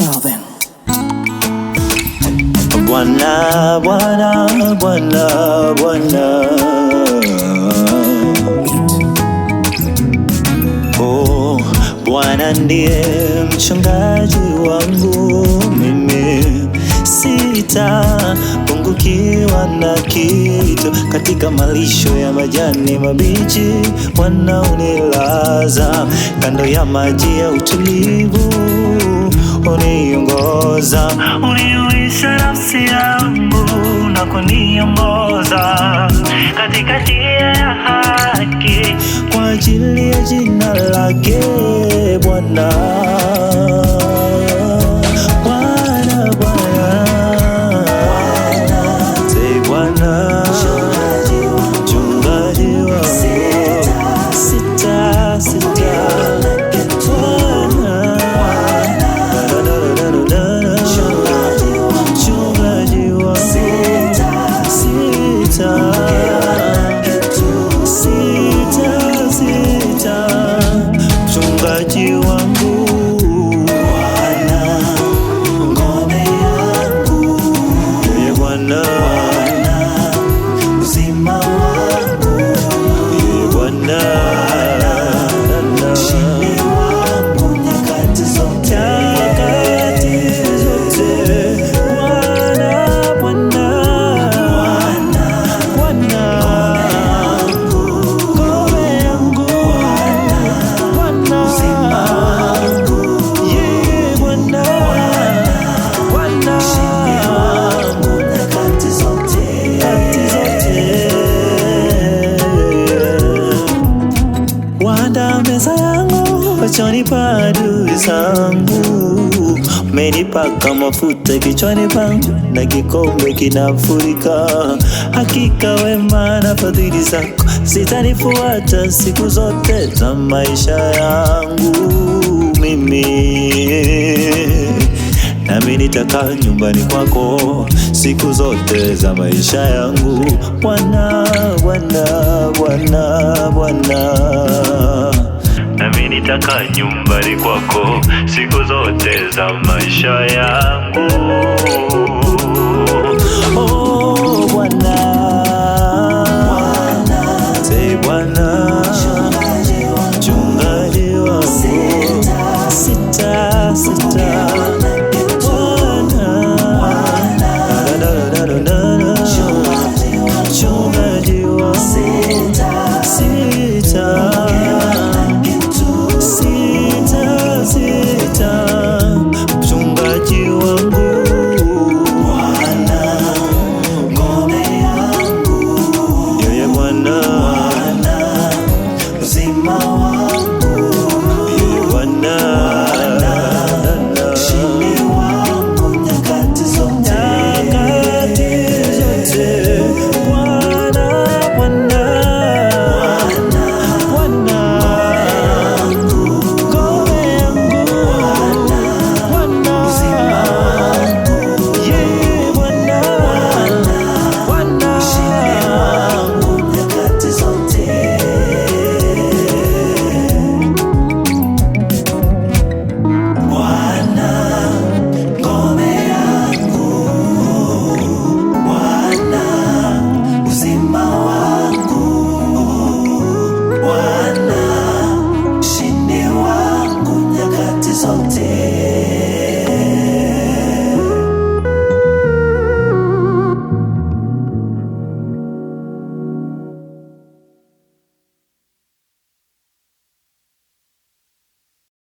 Southern. Bwana, bwana, bwana, bwana. Oh, bwana ndiye mchungaji wangu mimi sitapungukiwa na kitu, katika malisho ya majani mabichi wanaonilaza kando ya maji ya utulivu uniongoza, uniuisha nafsi yangu na kuniongoza katika njia ya haki kwa ajili ya jina lake Bwana. machoni adui zangu, umenipaka mafuta kichwani pangu na kikombe kinafurika. Hakika wema na fadhili zako zitanifuata siku zote za maisha yangu mimi nami nitakaa nyumbani kwako siku zote za maisha yangu. Bwana, Bwana, Bwana, Bwana nataka nyumbani kwako siku zote za maisha yangu.